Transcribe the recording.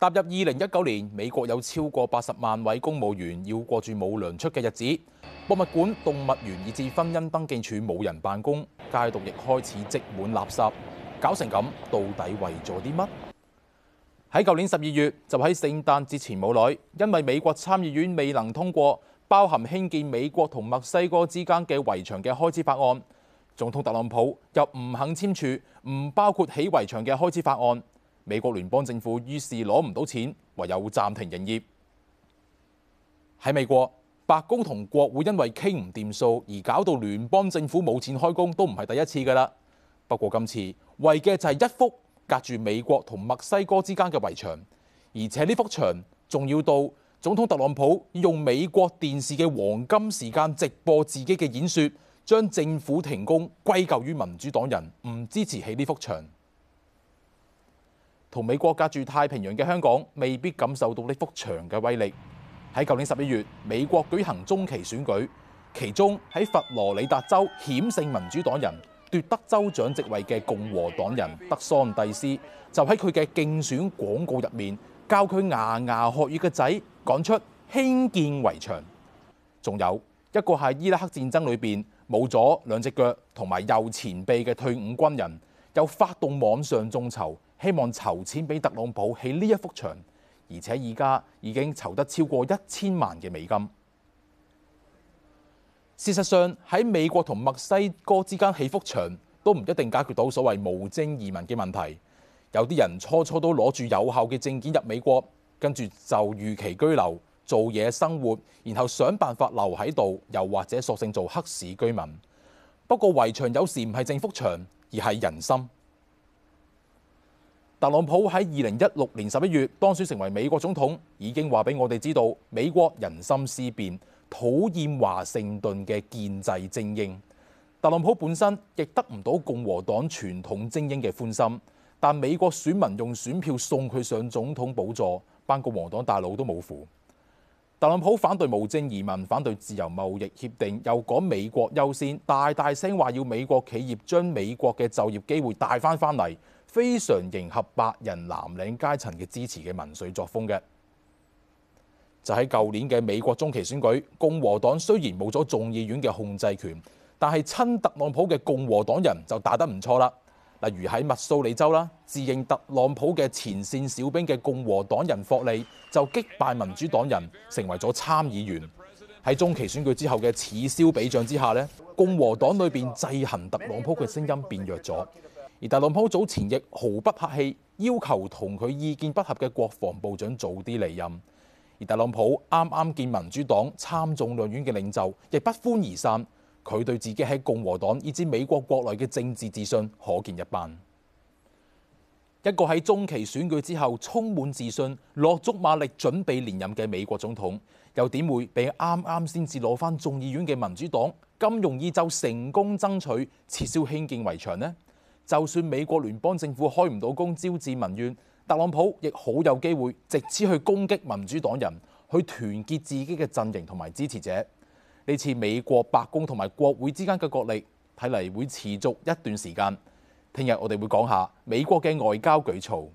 踏入二零一九年，美國有超過八十萬位公務員要過住冇糧出嘅日子，博物館、動物園以至婚姻登記處冇人辦公，街道亦開始積滿垃圾，搞成咁到底為咗啲乜？喺舊年十二月，就喺聖誕節前冇耐，因為美國參議院未能通過包含興建美國同墨西哥之間嘅圍牆嘅開支法案，總統特朗普又唔肯簽署唔包括起圍牆嘅開支法案。美國聯邦政府於是攞唔到錢，唯有暫停營業。喺美國，白宮同國會因為傾唔掂數而搞到聯邦政府冇錢開工，都唔係第一次㗎啦。不過今次為嘅就係一幅隔住美國同墨西哥之間嘅圍牆，而且呢幅牆仲要到總統特朗普用美國電視嘅黃金時間直播自己嘅演說，將政府停工歸咎於民主黨人，唔支持起呢幅牆。同美國隔住太平洋嘅香港未必感受到呢幅牆嘅威力。喺舊年十一月，美國舉行中期選舉，其中喺佛羅里達州險勝民主黨人奪得州長席位嘅共和黨人德桑蒂斯，就喺佢嘅競選廣告入面教佢牙牙學語嘅仔講出興建圍牆。仲有一個係伊拉克戰爭裏邊冇咗兩隻腳同埋右前臂嘅退伍軍人，又發動網上眾籌。希望籌錢俾特朗普起呢一幅牆，而且而家已經籌得超過一千萬嘅美金。事實上，喺美國同墨西哥之間起幅牆都唔一定解決到所謂無證移民嘅問題。有啲人初初都攞住有效嘅證件入美國，跟住就逾期居留、做嘢、生活，然後想辦法留喺度，又或者索性做黑市居民。不過圍牆有時唔係正幅牆，而係人心。特朗普喺二零一六年十一月當選成為美國總統，已經話俾我哋知道美國人心思變，討厭華盛頓嘅建制精英。特朗普本身亦得唔到共和黨傳統精英嘅歡心，但美國選民用選票送佢上總統寶座，班共和黨大佬都冇符。特朗普反對無證移民，反對自由貿易協定，又講美國優先，大大聲話要美國企業將美國嘅就業機會帶翻返嚟。非常迎合白人藍領階層嘅支持嘅民粹作風嘅，就喺舊年嘅美國中期選舉，共和黨雖然冇咗眾議院嘅控制權，但係親特朗普嘅共和黨人就打得唔錯啦。例如喺密蘇里州啦，自認特朗普嘅前線小兵嘅共和黨人霍利就擊敗民主黨人成為咗參議員，喺中期選舉之後嘅此消彼長之下咧，共和黨裏邊制衡特朗普嘅聲音變弱咗。而特朗普早前亦毫不客氣，要求同佢意見不合嘅國防部長早啲離任。而特朗普啱啱見民主黨參眾兩院嘅領袖亦不歡而散，佢對自己喺共和黨以至美國國內嘅政治自信，可見一斑。一個喺中期選舉之後充滿自信、落足馬力準備連任嘅美國總統，又點會俾啱啱先至攞返眾議院嘅民主黨咁容易就成功爭取撤銷興建圍牆呢？就算美國聯邦政府開唔到工，招致民怨，特朗普亦好有機會，直接去攻擊民主黨人，去團結自己嘅陣營同埋支持者。呢次美國白宮同埋國會之間嘅角力，睇嚟會持續一段時間。聽日我哋會講下美國嘅外交舉措。